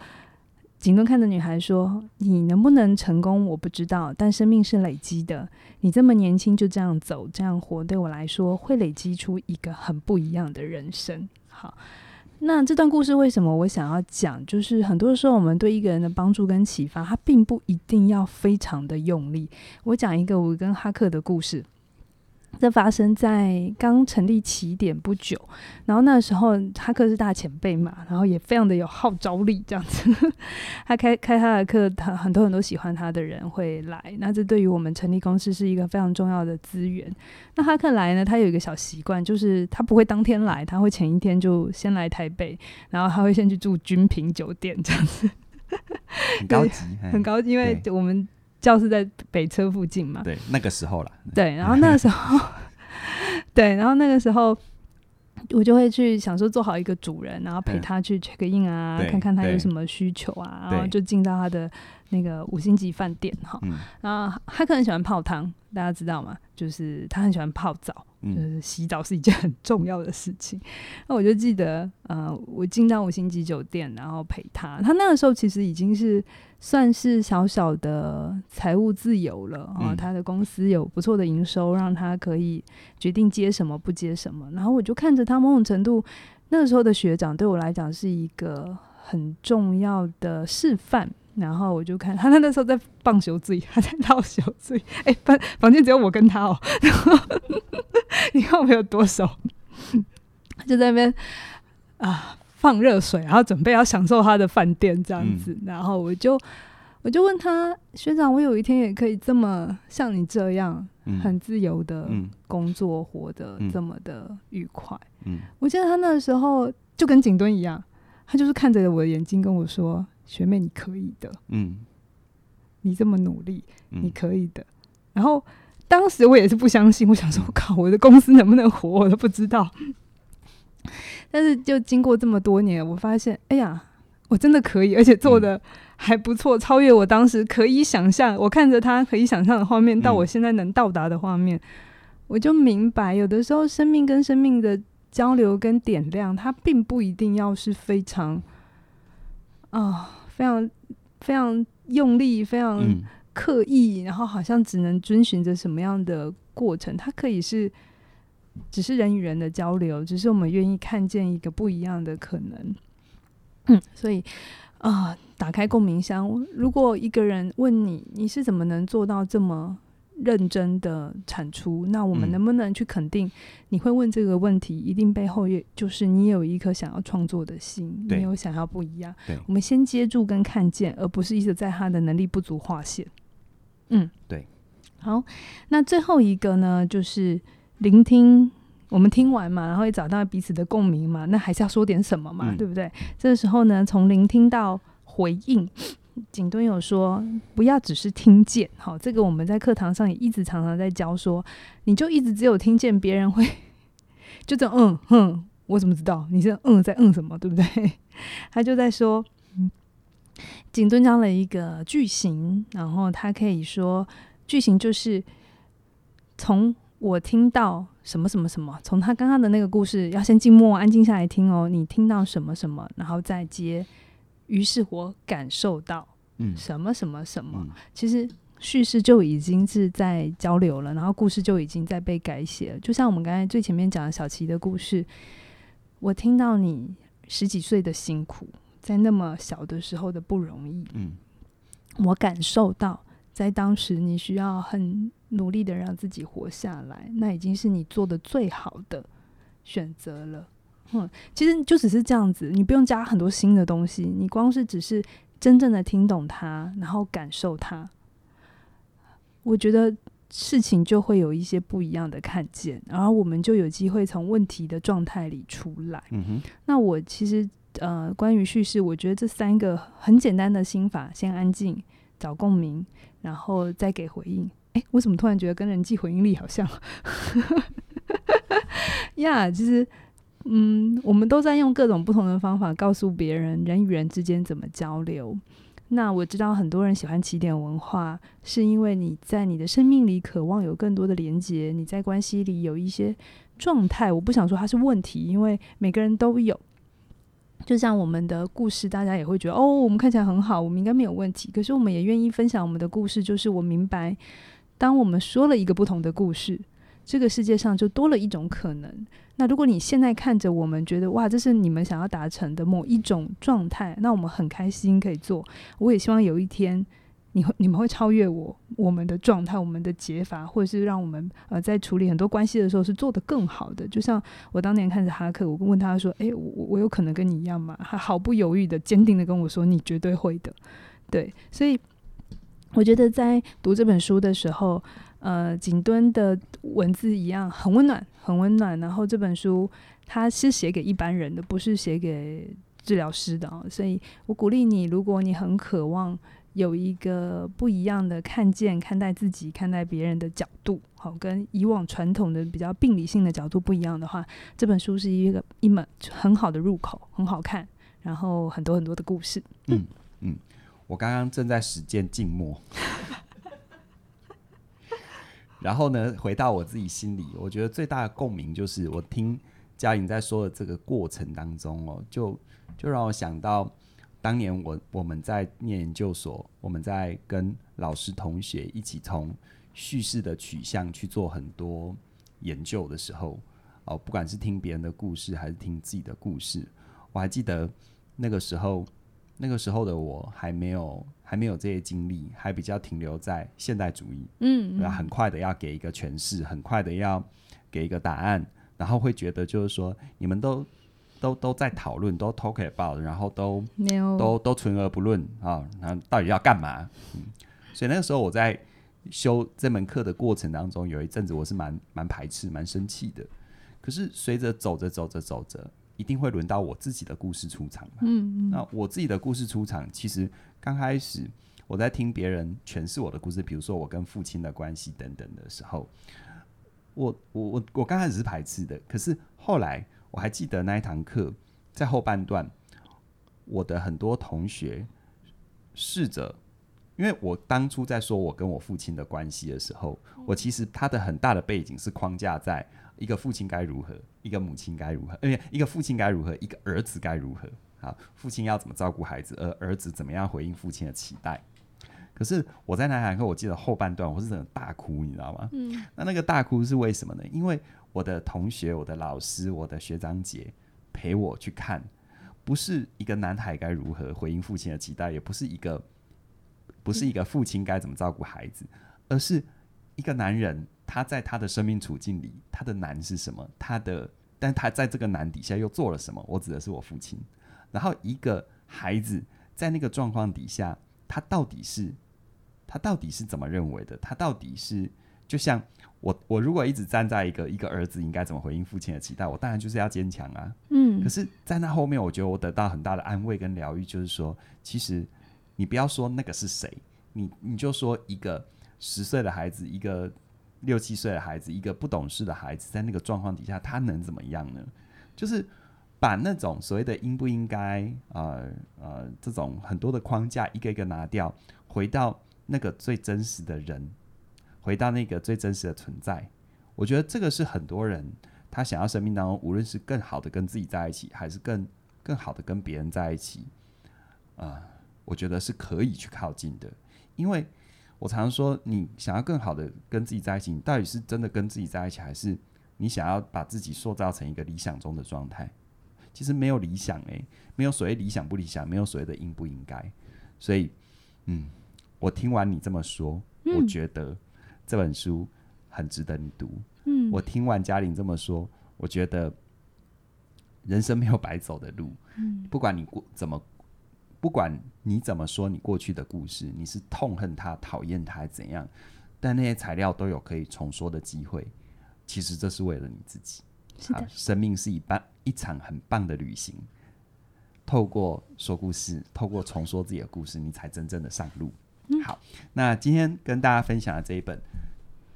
警官看着女孩說：“你能不能成功，我不知道，但生命是累積的。你這麼年輕就這樣走、這樣活，對我來說會累積出一個很不一樣的人生。”好，那這段故事為什麼我想要講？就是很多時候我們對一個人的幫助跟啟發，他並不一定要非常的用力。我講一個我跟哈克的故事。這發生在剛成立起點不久，然後那時候哈克是大前輩嘛，然後也非常的有號召力，這樣子。 他開開他的課，他很多很多喜歡他的人會來，那這對於我們成立公司是一個非常重要的資源。那哈克來呢，他有一個小習慣，就是他不會當天來，他會前一天就先來台北，然後他會先去住君品酒店這樣子，高 級很高級，因為我們。教室在北車附近嘛？對，那個時候啦。對，然後那個時候， 對，然後那個時候，我就會去想說做好一個主人，然後陪他去 check in 啊，嗯、看看他有什麼需求啊，對然後就進到他的那個五星級飯店哈。然後他可能喜歡泡湯，大家知道嗎？就是他很喜歡泡澡。嗯，就是洗澡是一件很重要的事情。嗯、那我就記得，呃，我進到五星級酒店，然後陪他。他那個時候其實已經是算是小小的財務自由了，然後他的公司有不錯的營收，嗯、讓他可以決定接什麼不接什麼。然後我就看着他某種程度，那個時候的學長對我來講是一個很重要的示範。然後我就看他，他那時候在放酒醉，他在倒小醉。哎、欸，房房間只有我跟他哦。然後 你看我們有多熟， 就在那邊啊放熱水，然後準備要享受他的飯店這樣子。嗯、然後我就我就問他學長，我有一天也可以這麼像你這樣，嗯、很自由的工作，嗯、活得這麼的愉快。嗯，我記得他那時候就跟井墩一樣，他就是看着我的眼睛跟我說。學妹，你可以的。嗯，你這麼努力，嗯、你可以的。然後當時我也是不相信，我想說，靠，我的公司能不能活，我都不知道。但是就經過這麼多年，我發現，哎呀，我真的可以，而且做得還不錯，嗯、超越我當時可以想象。我看着他可以想象的畫面，到我現在能到達的畫面，嗯、我就明白，有的時候生命跟生命的交流跟點亮，它並不一定要是非常啊。呃非常非常用力，非常刻意，嗯、然後好像只能遵循着什麼樣的過程？它可以是只是人與人的交流，只是我們願意看見一個不一樣的可能。嗯，所以啊、呃，打開共鳴箱，如果一個人問你，你是怎麼能做到這麼認真的產出，那我們能不能去肯定？你會問這個問題，嗯、一定背後也就是你有一顆想要創作的心，對沒有想要不一樣。對我們先接住跟看見，而不是一直在他的能力不足劃線。嗯，對。好，那最後一個呢，就是聆聽。我們聽完嘛，然後也找到彼此的共鳴嘛，那還是要說點什麼嘛，嗯、對不對？這個時候呢，從聆聽到回應。錦敦有說，不要只是聽見，好，這個我們在課堂上也一直常常在教說，說你就一直只有聽見別人會，就這嗯哼、嗯，我怎麼知道你是嗯在嗯什麼，對不對？他就在說，錦敦教了一個句型，然後他可以說句型就是從我聽到什麼什麼什麼，從他剛剛的那個故事，要先靜默，安靜下來聽哦，你聽到什麼什麼，然後再接，於是我感受到。什麼什麼什麼，嗯、其實敘事就已經是在交流了，然後故事就已經在被改寫了。就像我們剛才最前面講的小齊的故事，我聽到你十幾歲的辛苦，在那麼小的時候的不容易，嗯，我感受到在當時你需要很努力的讓自己活下來，那已經是你做的最好的選擇了。嗯，其實就只是這樣子，你不用加很多新的東西，你光是只是，真正的聽懂它，然後感受它，我覺得事情就會有一些不一樣的看見，然後我們就有機會從問題的狀態裡出來。嗯哼，那我其實呃，關於敘事，我覺得這三個很簡單的心法：先安靜，找共鳴，然後再給回應。哎、欸，我怎麼突然覺得跟人際回應力好像？呀、 yeah,，就是。嗯，我們都在用各種不同的方法告訴別人人與人之間怎麼交流。那我知道很多人喜歡啟點文化，是因為你在你的生命裡渴望有更多的連接，你在關係裡有一些狀態。我不想說它是問題，因為每個人都有。就像我們的故事，大家也會覺得哦，我們看起來很好，我們應該沒有問題。可是我們也願意分享我們的故事，就是我明白，當我們說了一個不同的故事，這個世界上就多了一種可能。那如果你現在看着我們，覺得哇，這是你們想要達成的某一種狀態，那我們很開心可以做。我也希望有一天，你會你們會超越我，我們的狀態，我們的解法，或者是讓我們呃在處理很多關係的時候是做得更好的。就像我當年看着哈克，我問他說：“哎、欸，我我有可能跟你一樣嗎？”他毫不猶豫地、堅定地跟我說：“你絕對會的。”對，所以我覺得在讀這本書的時候。呃，錦敦的文字一樣很溫暖，很溫暖。然後這本書它是寫給一般人的，不是寫給治療師的啊、哦。所以我鼓勵你，如果你很渴望有一個不一樣的看見、看待自己、看待別人的角度，好，跟以往傳統的比較病理性的角度不一樣的話，這本書是一個一門很好的入口，很好看，然後很多很多的故事。嗯嗯，我剛剛正在實踐靜默。 然後呢，回到我自己心裡，我覺得最大的共鳴就是，我聽嘉玲在說的這個過程當中哦，就就讓我想到當年我我們在念研究所，我們在跟老師同學一起從敘事的取向去做很多研究的時候哦，不管是聽別人的故事還是聽自己的故事，我還記得那個時候，那個時候的我還沒有。還沒有這些經歷，還比較停留在現代主義，嗯，嗯，然後很快的要給一個詮釋，很快的要給一個答案，然後會覺得就是說你們都都都在討論，都 talk about，然後都有都都存而不論啊，那到底要幹嘛？嗯。所以那個時候我在修這門課的過程當中，有一陣子我是蠻蠻排斥、蠻生氣的。可是隨着走着走着走着。一定會輪到我自己的故事出場。嗯嗯。那我自己的故事出場，其實剛開始我在聽別人詮釋我的故事，比如說我跟父親的關係等等的時候，我我我我剛開始是排斥的。可是後來，我還記得那一堂課在後半段，我的很多同學試着，因為我當初在說我跟我父親的關係的時候，我其實他的很大的背景是框架在。一個父親該如何？一個母親該如何？而、呃、且一個父親該如何？一個兒子該如何？好，父親要怎麼照顧孩子？而兒子怎麼樣回應父親的期待？可是我在那堂課，我記得後半段我是真的大哭，你知道嗎？嗯。那那個大哭是為什麼呢？因為我的同學、我的老師、我的學長姐陪我去看，不是一個男孩該如何回應父親的期待，也不是一個，不是一個父親該怎麼照顧孩子，嗯、而是一個男人。他在他的生命處境裡，他的難是什麼？他的，但他在這個難底下又做了什麼？我指的是我父親。然後一個孩子在那個狀況底下，他到底是他到底是怎麼認為的？他到底是就像我，我如果一直站在一個一個兒子應該怎麼回應父親的期待，我當然就是要堅強啊。嗯。可是，在那後面，我覺得我得到很大的安慰跟療癒，就是說，其實你不要說那個是誰，你你就說一個十歲的孩子，一個。六七歲的孩子，一個不懂事的孩子，在那個狀況底下，他能怎麼樣呢？就是把那種所謂的應不應該，呃呃，這種很多的框架，一個一個拿掉，回到那個最真實的人，回到那個最真實的存在。我覺得這個是很多人他想要生命當中，無論是更好的跟自己在一起，還是更更好的跟別人在一起，啊、呃，我覺得是可以去靠近的，因為。我常說，你想要更好的跟自己在一起，你到底是真的跟自己在一起，還是你想要把自己塑造成一個理想中的狀態？其實沒有理想，欸，誒，沒有所謂理想不理想，沒有所謂的應不應該。所以，嗯，我聽完你這麼說，嗯，我覺得這本書很值得你讀。嗯，我聽完嘉玲這麼說，我覺得人生沒有白走的路。嗯，不管你過怎麼。不管你怎麼說，你過去的故事，你是痛恨他、討厭他，還是怎樣？但那些材料都有可以重說的機會。其實這是為了你自己。是的。啊、生命是一半，一場很棒的旅行。透過說故事，透過重說自己的故事，你才真正的上路。嗯、好，那今天跟大家分享的這一本《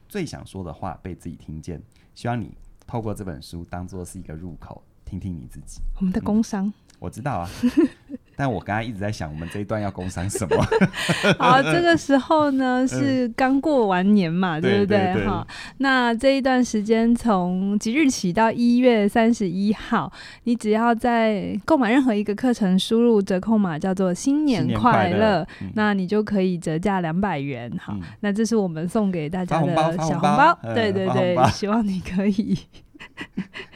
最想說的話被自己聽見》，希望你透過這本書當做是一個入口，聽聽你自己。我們的工商、嗯，我知道啊。 但我剛才一直在想，我們這一段要工商什麼？好，這個時候呢，是剛過完年嘛，對不對？哈，那這一段時間從即日起到一月三十一號，你只要在購買任何一個課程，輸入折扣碼叫做“新年快樂”，那你就可以折價兩百元。好，那這是我們送給大家的小紅包，對對對，希望你可以。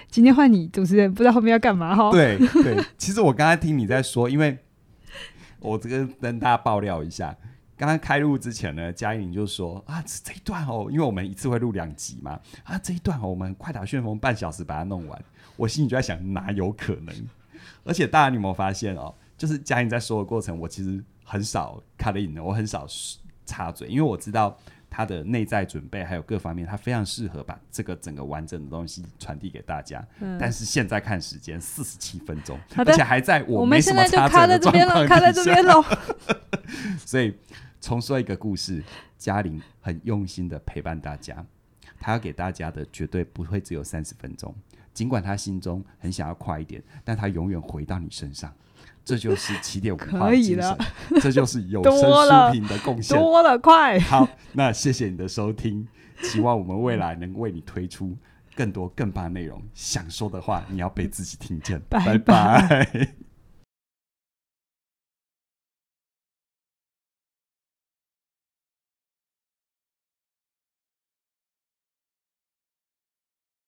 今天換你主持人，不知道後面要幹嘛哈、哦？對對，其實我剛才聽你在說，因為我這個跟大家爆料一下，剛剛開錄之前呢，嘉玲就說啊，這一段哦，因為我們一次會錄兩集嘛，啊，這一段哦，我們快打旋風半小時把它弄完。我心裡就在想，哪有可能？而且大家有沒有發現哦，就是嘉玲在說的過程，我其實很少 cut in 的，我很少插嘴，因為我知道。他的內在準備還有各方面，他非常適合把這個整個完整的東西傳遞給大家。嗯，但是現在看時間，四十七分鐘，而且還在我，我們現在就卡在這邊了，卡在這邊了。 所以重說一個故事，嘉玲很用心的陪伴大家，他要給大家的絕對不會只有三十分鐘。儘管他心中很想要快一點，但他永遠回到你身上。這就是起點文化精神，這就是有聲書多了 品的貢獻，多了，快。好，那謝謝你的收聽，希望我們未來能為你推出更多更棒的內容。想說的話，你要被自己聽見。拜拜。拜拜